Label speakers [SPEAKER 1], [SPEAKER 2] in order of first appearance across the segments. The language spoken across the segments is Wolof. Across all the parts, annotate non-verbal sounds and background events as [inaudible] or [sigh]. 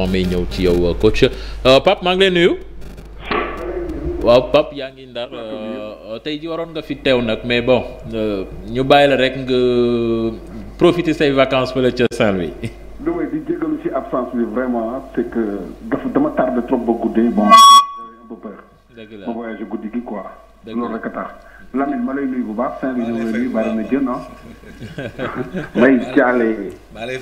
[SPEAKER 1] moom may ñëw ci yow coach uh, Pape maa ngi lay nuyu. waaw Pape yaa ngi ndar uh, tey ji waroon nga fi teew nag mais bon uh, ñu bàyyi la rek nga profiter say vacances fële ca Saint-Louis. [laughs]
[SPEAKER 2] lu may di jégalu ci absence bi vraiment c'est que dafa dama tardé ma voyagé guddi gi quoi. dëgg la loolu a lay nuyu bu baax Saint-Louis ñu lay nuyu bari na ah.
[SPEAKER 1] [laughs] may
[SPEAKER 2] jaale.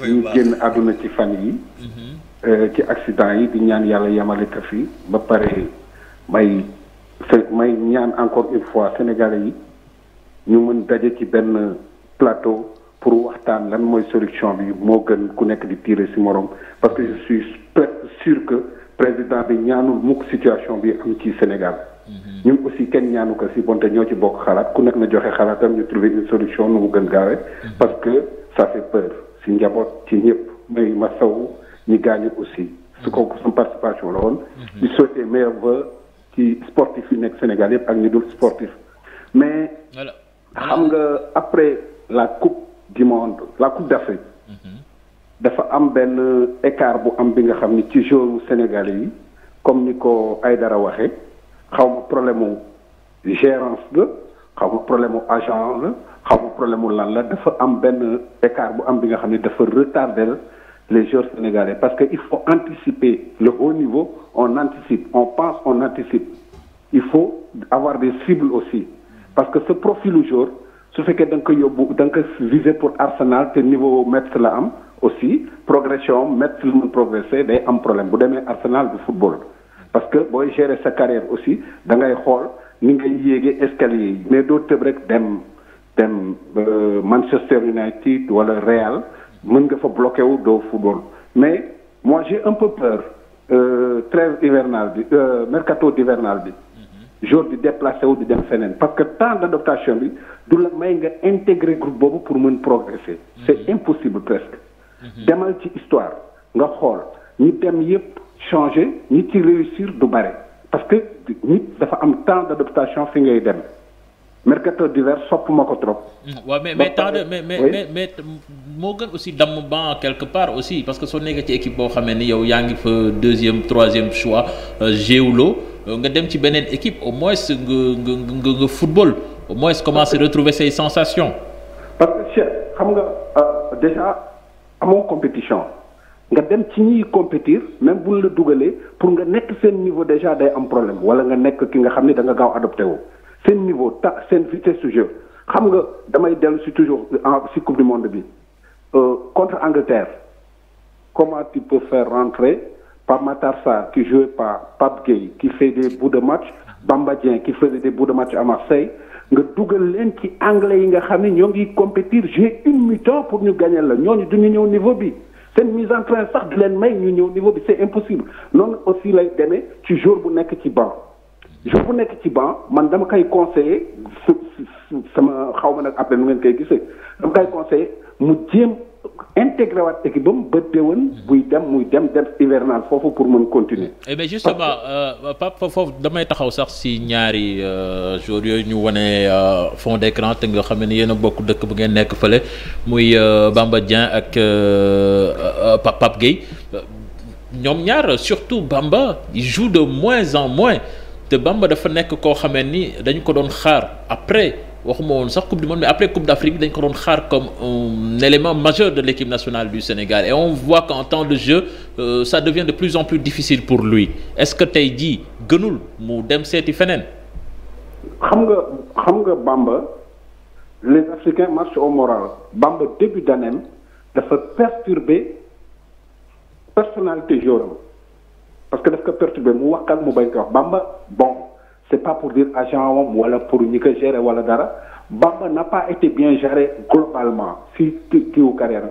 [SPEAKER 2] ñu génn àdduna ci fan yi mm-hmm. Eh, ci accident yi di ñaan yàlla yemale ko fii ba pare may may ñaan encore une fois sénégalais yi ñu mën daje ci benn plateau pour waxtaan lan mooy solution bi moo gën ku nekk di tirer si morom parce que je suis sûr que président bi ñaanul mukk situation bi am ci Sénégal. Mhm. ñun aussi kenn ñaanu ko si bonte ñoo ci bokk xalaat ku nekk na joxe xalaatam ñu trouver une solution nu mu gën gaawee. Mhm. parce que ça fait peur si njaboot ci ñëpp may ma saw ñi gagné aussi su ko suñu mhm. participation la woon. Mhm. di souhaiter ba vœux ci sportif yu nekk Sénégal yëpp ak ñu dul sportif. mais xam nga après la coupe du monde la coupe d' mhm. dafa am benn écart bu am bi nga xam ni ci joueurs sénégalais yi comme ni ko ay dara waxee xaw ma problème mu gérance la xaw ma problème mu agent la xaw ma problème mu lan la dafa am benn écart bu am bi nga xam ni dafa retardé les joueurs sénégalais parce que il faut anticiper le haut niveau on anticipe on pense on anticipe il faut avoir des cibles aussi parce que ce profilu joueur su fekkee da nga ko yóbbu da nga ko viser pour Arsenal te niveau Metz la am aussi progression am lu la mun progresser day am problème bu demee Arsenal du football parce que booy gérer sa carrière aussi da ngay xool ni ngay yéegee escalier yi mais doo tëb rek dem dem euh, Manchester United wala Real mën nga fa bloqué wu doo football mais moi j'ai un peu peur euh, trêve hivernale bi euh, mercato hivernal bi mhm. jour di déplacé wu di dem feneen parce que temps d'adaptation bi du la may nga intégrer groupe boobu pour mën progresser mhm. c'est impossible presque mhm. demal ci histoire nga xool ñi dem yépp changer ñi ci réussir du bare parce que nit dafa am temps d'adaptation fi ngay dem mercato d'hiver sopp ma ko trop.
[SPEAKER 1] mais temps de mais mais moo gën aussi damm banc quelque part aussi parce que soo nekkee ci équipe boo xamee ni yow yaa ngi fa deuxième troisième choix euh, géewloo euh, nga dem ci beneen équipe au moins nga nga nga football au moins commencer retrouver say sensations.
[SPEAKER 2] parce que xam nga euh, déjà amoon compétition nga dem ci ñuy compétir même buñ la dugalee pour nga nekk seen niveau déjà day am problème wala nga nekk ki nga xam ne da nga gaaw adopté wu seen niveau ta seen vitesse de jeu xam nga damay dellu si en si monde bi. contre Angleterre, comment tu peux faire rentrer Pam Matarsa qui jouait pas, Pape Gueye qui fait des bouts de match, Bamba Dieng qui faisait des bouts de match a Marseille nga dugal leen ci anglais yi nga xam ni ñoo ngi compétir j'ai une mi-temps pour ñu gagner la ñoo ñooñu du ñu ñëw niveau bi seen mise en train sax du leen may ñu ñëw niveau bi c'est impossible noonu aussi lay deme ci jour bu nekk ci banc jour bu nekk ci banc man dama koy conseiller sama xaw ma nag après nu ngeen koy intégré waat équipe bam ba déwén buy dem muy dem dem hivernal foofu pour mën continuer.
[SPEAKER 1] eh bien justement euh, Pape foofu damay taxaw sax si ñaari euh, jours yooyu ñu wane euh, fond d'écran te nga xam ne yéen bokk dëkk bu ngeen nekk fële muy Bamba Dieng ak Pape Pape Gueye ñoom ñaar surtout Bamba jour joue de moins en moins te Bamba dafa nekk koo xamee ni dañu ko doon xaar après. waxuma woon sax coupe du monde mais après coupe d'Afrique dañ ko doon xaar comme un élément majeur de l'équipe nationale du Sénégal et on voit qu'en temps de jeu euh, ça devient de plus en plus difficile pour lui est-ce que tey jii gënul mu dem seeti feneen.
[SPEAKER 2] xam nga xam nga Bamba les Africains marchent au moral Bamba début d'année dafa perturber personnalité joueur parce que daf ko perturber mu wax mu bañ ko Bamba bon. c'est pas pour dire agent wam wala pour ñi ko gérer wala dara Bamba n'a pas été bien géré globalement si kiiwu carrière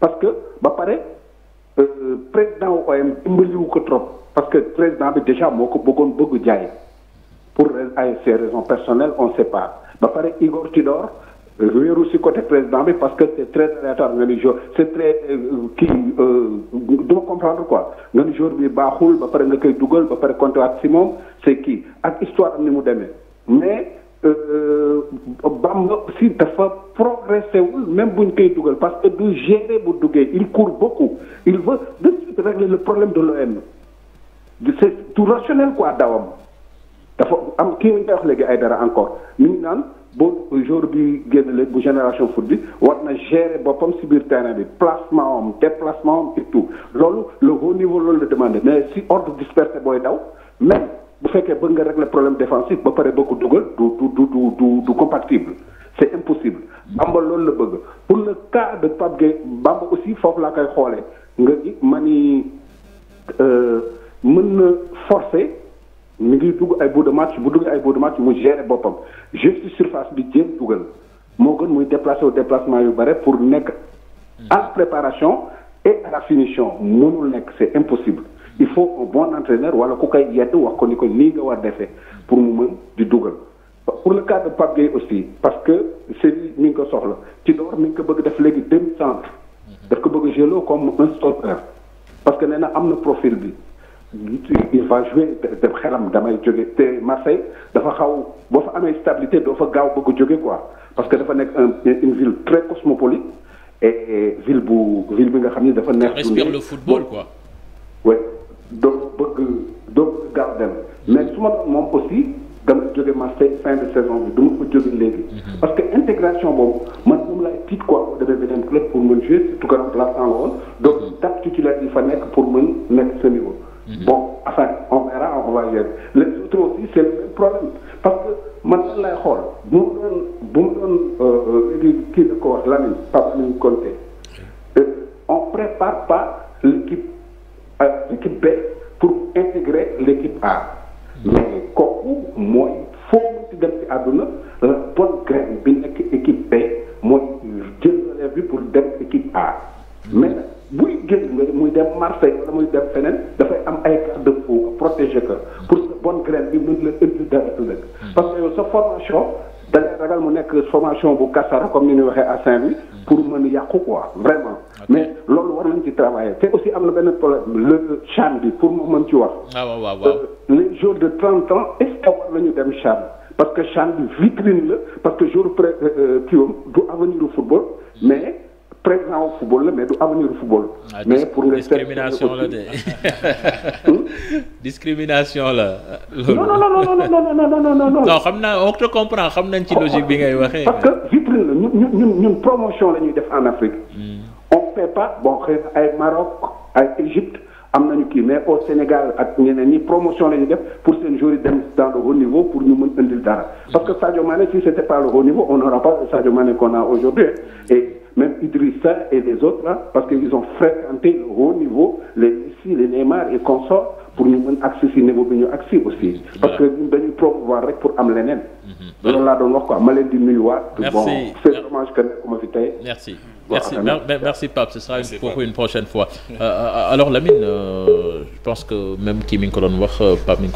[SPEAKER 2] parce que ba pare euh, président OM dimbaliwu ko trop parce que président bi déjà moo ko bëggoon bëgg jaay pour ay ses raisons personnelles on sait pas ba pare Igor Tudor wéeru si côté président bi parce que c'est très aléatoire nga ni jour c'est très euh, kii euh, duma comprendre quoi nga ni jour bi baaxul ba pare nga koy dugal ba pare compté waat si moom c'est kii ak histoire am ni mu demee mais ba euh, am Bamba aussi dafa progressé wul même buñ koy dugal parce que du gérer bu duggee il court bokku il veut de suite régler le problème de l'OM c'est tout rationnel quoi am dafa am ki nañ koy wax léegi ay dara encore mi naan boo jour bi génn leen bu génération foot bi war na gérer boppam si biir terrain bi placement am déplacement am et tout loolu le haut niveau loolu la demandé mais si ordre dispersé booy daw même bu fekkee bëgg nga régler problème défensif ba pare bëgg ko dugal du du du du du compatible c'est impossible Bamba loolu la bëgg pour le cas de Pape Gueye Bamba aussi foofu laa koy xoolee nga gi ma ni euh, mën na forcé mi ngi dugg ay bout de match bu dugg ay bout de match mu gérer boppam juste surface bi jéem dugal moo gën muy déplacé au déplacement yu bare pour nekk en préparation et à finition mënul nekk c' est impossible il faut un bon entraîneur wala ku koy yedd wax ko ni ko nii nga war defee pour mu mën di dugal pour le cas de Pape Gueye aussi parce que Séville mi ngi ko soxla ci door mi ngi ko bëgg def léegi demi centre daf ko bëgg a jëloo comme un stoppeur parce que ne na am na profil bi il va jouer dem xelam damay jóge te Marseille dafa xaw boo fa amee stabilité doo fa gaaw bëgg jóge quoi parce que dafa nekk un une ville très cosmopolite et ville bu ville bi nga xam ni dafa neex. respire le football quoi. oui doo bëgg doo gaaw dem mais su ma moom aussi dama jóge Marseille fin de saison bi du ma ko jóge léegi. Mhm. parce que intégration boobu man moom laay tiit quoi demee beneen club pour mën jouer surtout que remplaçant la woon donc mhm. date titulaire yi fa nekk pour mën nekk sa niveau. Mhm. bon enfin on verra on va y aller les autres aussi c' est le même problème parce que man lan lay xool bu mu doon bu mu doon euh, euh, kii na ko wax Lamine Pape Lamine Conté euh, on prépare pas l'équipe l'équipe B pour intégrer l'équipe A mhm. mais kooku mooy foo ci dem ci àdduna la bonne graine bi nekk équipe B mooy jël relève bi pour dem équipe A mhm. mais buy génn nga muy dem Marseille wala muy dem ay garde de fou protéger ko pour sa bonne graine bi mën la indi dara du nekk hmm. parce que yow sa formation da ngay nekk formation bu kasara comme ni ñu waxee à Saint-Louis hmm. pour mën yàqu quoi vraiment mais loolu war nañ ci travailler te aussi am na benn problème le CHAN bi pour mu mën ci wax ah, waaw waaw euh, de trente ans est ce que nañu dem CHAN parce que CHAN bi vitrine la parce que jour pré euh, euh, kiiwam du avenir du football hmm. mais présent au football la mais du avenir au football. Ah, mais pour nga discrimination la de. [laughs]
[SPEAKER 1] Hmm? discrimination la. loolu non non non
[SPEAKER 2] non non non non non non. non xam naa on te comprend xam nañ ci oh, logique bi ngay oh. waxee. parce que vitrine la ñun ñun ñun promotion la ñuy def en Afrique. Hmm. on fait pas bon xëy na ay Maroc ay Égypte. am nañu kii mais au Sénégal ak ñeneen ñi promotion la ñu def pour seen joueurs yi dem dans le haut niveau pour ñu mën indil dara. parce que hmm. Sadio Mané si c'était pas le haut niveau on n'aura pas Sadio Mané qu'on a aujourd'hui et même Idrissa et les autres là parce que ils ont fréquenté le haut niveau les Messi et consorts pour ñu mën agsi si niveau bi ñu agsi aussi. parce que ñun dañuy promouvoir rek pour am leneen. Mhm. loolu laa doon wax quoi ma leen di nuyuwaat. merci bon c'est dommage que nekkuma fi tey.
[SPEAKER 1] merci merci ce sera une une prochaine fois. Euh, euh, alors Lamine euh, je pense que même kii mi ngi ko doon wax Pape mi